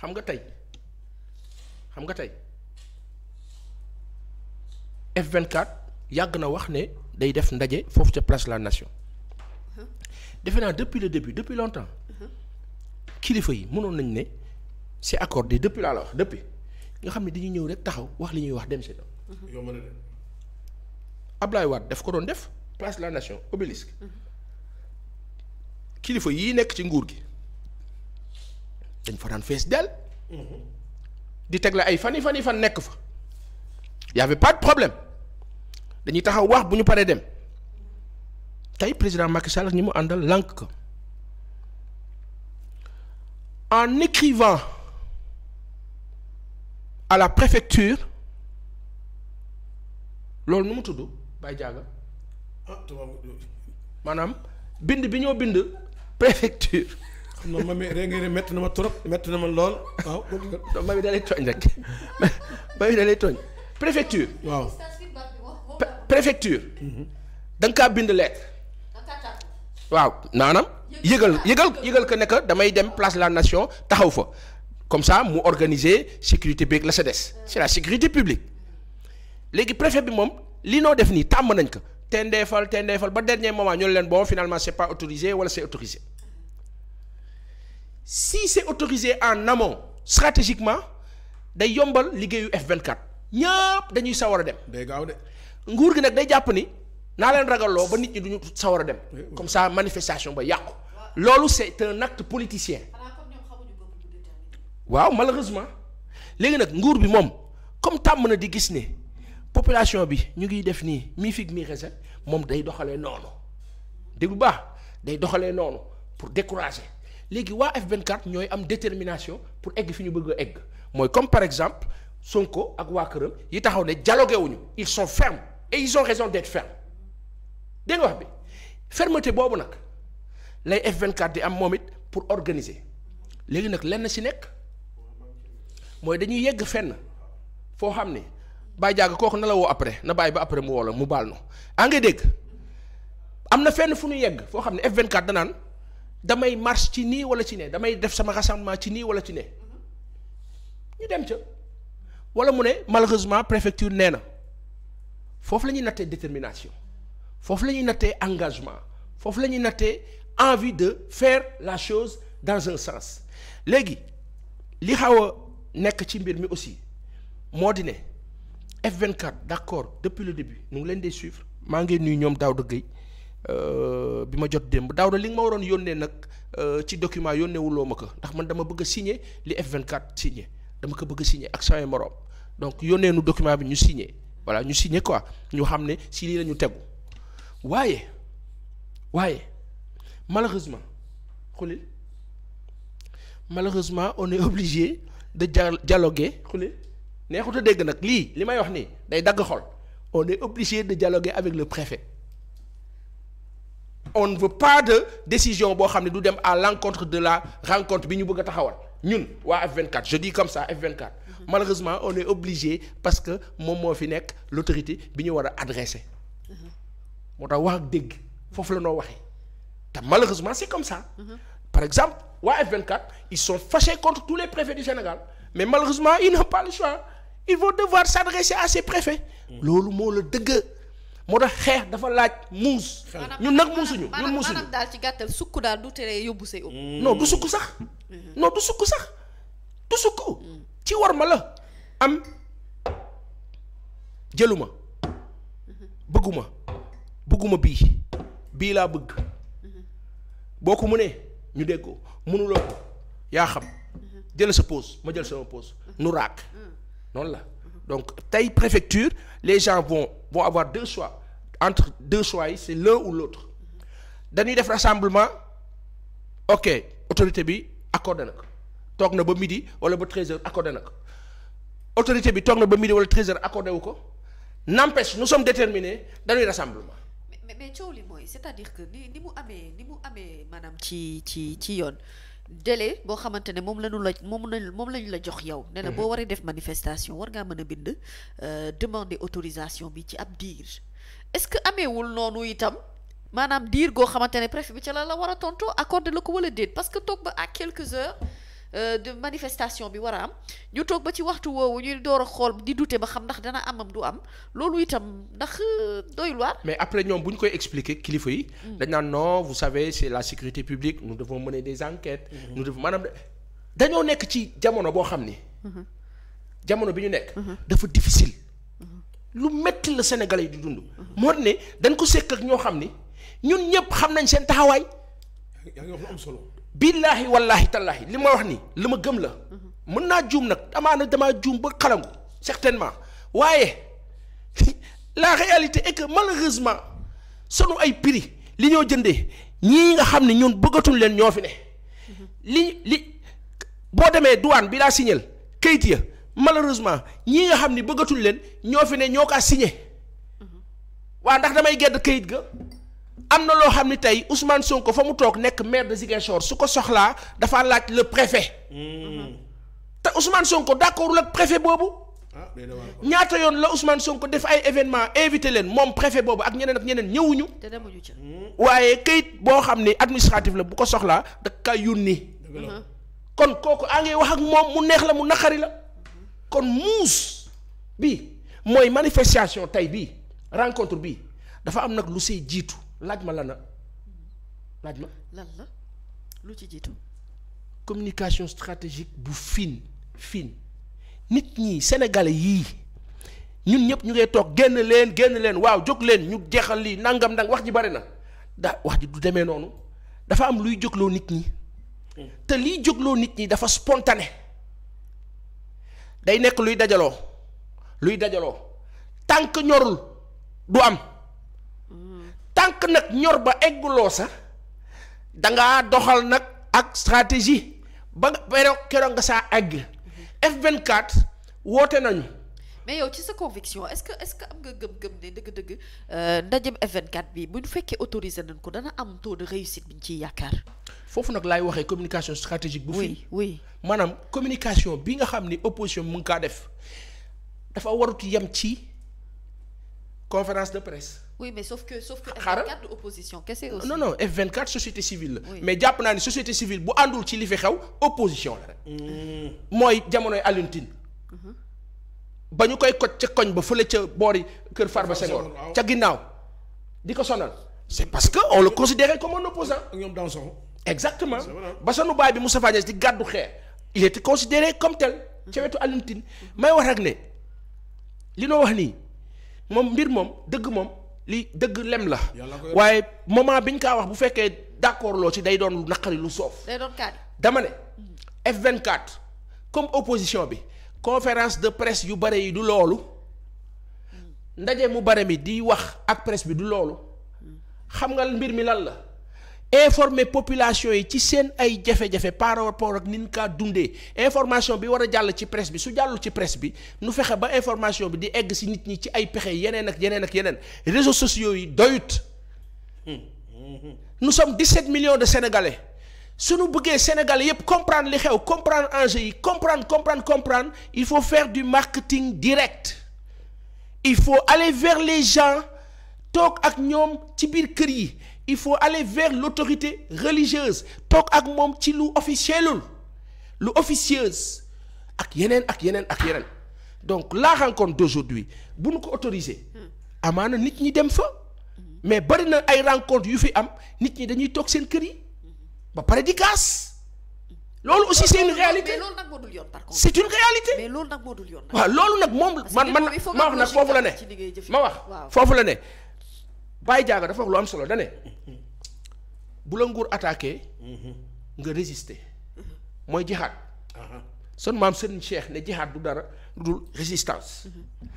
xam nga tey xam nga tey F24 yàgg na wax ne day def ndaje foofu ca place la nation uh-huh. defe naa depuis le début depuis longtemps uh-huh. kilifa yi mënoon nañ ne si c'est accordé depuis laa la wax depuis nga xam ne dañuy ñëw rek taxaw wax li ñuy wax dem si doom yow mën na daf ko doon def place la nation obélisque uh-huh. kilifa yii nekk ci nguur gi dañ fa daan fees dell. di teg la ay fan yi fan yi fan nekk fa. y pas problème dañuy taxaw wax bu ñu paree dem tey président Macky Sall ñi mu àndal lànk ko en écrivant à la préfecture loolu nu mu tudd Baye Diaga ah, euh, maanaam bind bi ñoo bind préfecture. non mami rek ngeen ne na ma trop métti na ma lool waaw. non mami da lay tooñ da lay tooñ préfecture. waaw préfecture. da nga kaa bind lettre. waaw naanam yëgal yëgal yëgal que ne que damay dem place la nation taxaw fa comme ça mu organiser sécurité beeg la sa des c'est la sécurité publique léegi préfet bi moom li noo def nii tàmm nañ ko tendeefal tendeefal ba dernier moment ñu leen bon finalement c'est pas autorisé wala c'est autorisé. si c'est autorisé en amont stratégiquement day yombal liggéeyu F24 ñëpp dañuy sawar a dem. day gaaw de nguur gi nag day jàpp ni naa leen ragaloo ba nit ñi duñu sawar a dem. comme ça manifestation ba yàqu. loolu c'est un acte politicien. waaw malheureusement léegi nag nguur bi moom comme tàmm na di gis ne population bi ñu ngiy def nii mi fig mi raisin moom day doxalee noonu di bu baax day doxalee noonu pour décourager. léegi waa F24 ñooy am détermination pour egg fi ñu bëgg egg mooy comme par exemple Sonko ak waa këram yi taxaw ne dialogué wuñu ils sont fermes et ils ont raison d'être fermes dégg nga wax bi fermeté boobu nag lay F24 di am moom it pour organiser léegi nag lenn si nekk mooy dañuy yëgg fenn foo xam ne bàyyi jàgg kooku na la woo après na bàyyi ba après mu woo la mu baal no a nga dégg am na fenn fu ñu yegg foo xam ne F24 danaan damay marche ci nii wala ci ne damay def sama rassemblement ci nii wala ci ne ñu dem ca wala mu ne malheureusement préfecture nee na foofu la ñuy nattee détermination foofu la ñuy nattee engagement foofu la ñuy nattee envie de faire la chose dans un sens léegi li xaw a nekk ci mbir mi aussi moo di ne F24 d'accord depuis le début ñu ngi leen di suivre maa ngeen nuyu ñoom daaw dëgg Euh, bi ma jot démb daaw na li nga ma waroon yónnee nag euh, ci document yónneewuloo ma ko ndax man dama bëgg a li F24 signer dama ko bëgg a signer ak samay moroom donc yónnee nu document bi ñu signer voilà ñu signer quoi ñu xam ne si lii la ñu tegu waaye waaye malheureusement xulil malheureusement on est obligé de dialoguer xulil neexut a dégg nag lii li may wax nii day dagg xol on est obligé de dialoguer avec le préfet on ne veut pas de décision boo xam ne du dem à l'encontre de la rencontre bi ñu bëgg a taxawal ñun waa F24 je dis comme ça F24 mm-hmm. malheureusement on est obligé parce que moom moo fi nekk l'autorité bi ñu war a adressé mm-hmm. moo tax wax ak dégg foofu la noo waxee te malheureusement c'est comme ça mm-hmm. par exemple waa F24 ils sont fâchés contre tous les préfets du Sénégal mais malheureusement ils n'ont pas le choix ils vont devoir s'adresser loolu moo la dëgg moo tax xeex dafa laaj muus. ñun nag muusuñu ñun muusuñu maanaam daal ci gàttal sukk daal du tere yóbbu say ëpp. Mm. non du sukk sax. Mm-hmm. non du sukk sax du sukk. Mm. ci war ma la am jëluma mm-hmm. bëgguma bëgguma bii bii laa bëgg mm-hmm. boo ko mu mënee ñu déggoo mënuloo ko yaa xam jël sa pause ma jël sama pause nu raak mm. noonu la donc tey préfecture les gens vont vont avoir deux choix entre deux choix yi c'est l'un ou l'autre dañuy def rassemblement ok autorité bi accordé na toog na ba midi wala ba treize heures accordé na ko autorité bi toog na ba midi wala treize heures accordé wu ko n'empêche nous sommes déterminés dañuy rassemblement mais mais coow li mooy c'est-à-dire que ni ni mu amee ni mu amee ci ci ci yoon délai boo xamante ne moom la ñu la moom lañ moom lañ la jox yow. nee na mm-hmm. boo waree def manifestation war ngaa mën a bind euh, demander autorisation bi ci ab diir. est-ce que ameewul noonu itam maanaam diir goo xamante ne préfet bi ca la la war a tontu accordé la ko wala déet parce que toog ba ak quelques heures euh, de manifestation bi war a am ñu toog ba ci waxtu woowu ñuy door a xool di dute ba xam ndax dana amam du am loolu itam ndax euh, doy waar. mais après ñoom bu ñu koy expliquer kilifa yi. Mm. dañ naan non vous savez c'est la sécurité publique nous devons mener des enquêtes. Mm -hmm. nous devons maanaam dañoo nekk ci jamono boo xam ni. Mm-hmm. jamono bi ñu nekk. Mm-hmm. lu métti la Sénégalais yi di dund. moo ne dañ ko sekk ak ñoo xam ni ñun ñëpp xam nañ seen taxawaay. yaa ngi wax lu am solo. billaahi wallaahi tallaahi li ma wax nii li ma gëm la. mën naa juum nag amaana damaa juum ba xalangu certainement waaye la réalité est que malheureusement sunu ay prix li ñoo jëndee ñii nga xam ne ñun bëggatul leen ñoo fi ne. li li boo demee douane bi laa signal kayit ya malheureusement ñii nga xam ni bëggatul leen ñoo fi ne ñoo kaa signé waa ndax damay gedd kayit ga am na loo xam ni tey Ousmane Sonko fa mu toog nekk maire de Ziguinchor su ko soxlaa dafa laaj le préfet te Ousmane Sonko d'accordul ak préfet boobu ñaata yoon la son ko def ay événement invité leen moom préfet boobu ak ñeneen ak ñeneen ñëwuñu waaye kayit boo xam ni administratif la bu ko soxlaa da ka yónni kon kooku a ngay wax ak moom mu neex la mu naqari la kon muus bi mooy manifestation tey bi rencontre bi dafa am nag lu siy jiitu laaj ma la na laaj ma. lan la lu ci jiitu. communication stratégique bu fin fine nit ñi sénégalais yii ñun ñëpp ñu ngay toog génn leen génn leen waaw jóg leen ñu jeexal li nangam nang wax ji bari na daa wax ji du demee noonu dafa am luy jógloo nit ñi mm. te liy jógloo nit ñi dafa spontané. day nekk luy dajaloo luy dajaloo tànk ñorul du am tànk nag ñor ba egguloo sa dangaa doxal nag ak stratégie ba keroog nga saa egg F24 woote nañu mais yow ci sa conviction est-ce que est-ce que am nga gëm-gëm ne dëgg-dëgg euh, ndajem F24 bi bu ñu fekkee autorisé nañ ko dana am taux de réussite bi ñu ciy yaakaar foofu nag laay waxee communication stratégique. bu fi oui maanaam communication bi nga xam ni opposition mu ngi kaa def dafa warut yem ci conférence de presse. oui mais sauf que sauf que F24 opposition kese aussi. non société civile la. mais jàpp naa ni société civile bu àndul ci li fi xew opposition la mm. mooy jamonoy Alioune Tine mhm. ba ñu koy kot ca koñ ba fële ca boori kër Farba Senghor ca ginnaaw di ko sonal. c'est parce que on le considérait comme un opposant ñoom Danson exactement basanu baay bi Moustapha Niasse di gàddu xeer il était considéré comme tel ca wetu Alioune Tine may wax rek ne li noo wax nii moom mbir moom dëgg moom li dëgg lem la waaye moment bi ñu kaa wax bu fekkee d'accord loo ci day doon lu naqari lu soof dama ne F24 comme opposition bi conférence de presse yu bare yi du loolu ndaje mu bare mi di wax ak presse bi du loolu xam nga mbir mi lal la informer population yi ci seen ay jafe-jafe par rapport ak nin kaa dundee information bi war a jàll ci presse bi su jàllul ci presse bi nu fexe ba information bi di egg si nit ñi ci ay pexe yeneen ak yeneen ak yeneen réseaux sociaux yi doyut nous sommes sept millions de sénégalais suñu bëggee sénégalais yépp comprendre li xew comprendre enjeu yi comprendre comprendre comprendre il faut faire du marketing direct il faut aller vers les gens toog ak ñoom ci biir kër yi il faut aller vers l'autorité religieuse toog ak moom ci lu officielul lu officieuse ak yeneen ak yeneen ak yeneen donc la rencontre d'aujourd'hui bu nu ko autorisé amaana nit ñi dem fa mais bari na ay rencontre yu fi am nit ñi dañuy toog seen kër yi ba pare di kaas loolu aussi c'est une réalité mais loolu nag moo dul yoon par contre c'est une réalité mais loolu nag moo dul yoon waaw loolu nag moom man man ma wax nag foofu la ne ma wax foofu la ne Baye Diaga dafa wax lu am solo da ne bu la nguur attaqué. Mhm. nga résister. Mhm. mooy jihaad. son maam Serigne Cheikh ne jeexaat du dara lu dul résistance. Mhm.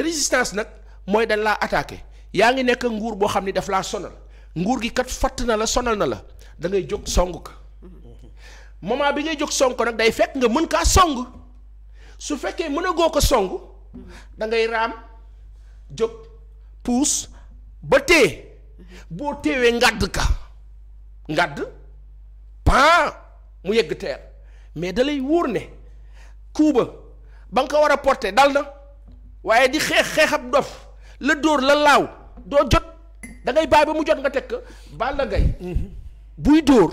résistance nag mooy dañ laa attaqué yaa ngi nekk nguur boo xam ni daf laa sonal nguur gi kat fatt na la sonal na la dangay ngay jóg song ko moment bi ngay jóg song ko nag day fekk nga mën kaa song su fekkee mën a goo ko song da ngay raam jóg puus ba téye boo téewee ngàdd ka ngàdd pan mu yegg teer mais da wóor ne kuuba ba nga ko war a porté dal na waaye di xeex xeexab dof la dóor la laaw doo jot da ngay bàyyi ba mu jot nga teg ko Balla Gaye buy dóor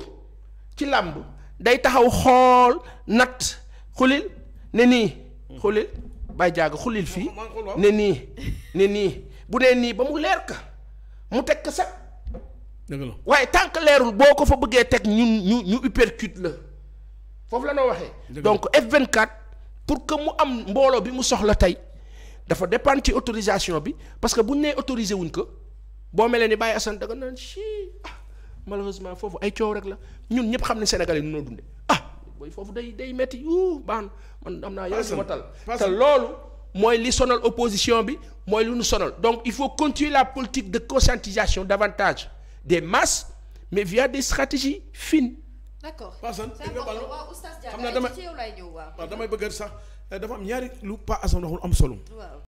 ci làmb day taxaw xool nat xulil ne nii xulil bàyyi jaaga xulil fii ne nii ne nii bu nee nii ba mu leer ka mu teg ka sax dëgg waaye tant que leerul boo ko fa bëggee teg ñun ñu ñu uppercut la foofu la noo waxee. donc F24 pour que mu am mbooloo bi mu soxla tey dafa dépendre autorisation bi parce que bu ñu nee autorisé wuñ ko boo melee ni Baye Assane da nga naan si ah malheureusement foofu ay coow rek la ñun ñëpp xam ne Sénégal yi noo dunde ah booy foofu day day métti yu baan man am naa yow si ma te loolu mooy li sonal opposition bi mooy lu nu sonal donc il faut continuer la politique de conscientisation davantage des masses mais via des stratégies fines. d'accord Assane xam naa damay damay bëgg sax eh, dafa am ñaari lu Pa Assane waxul am solo.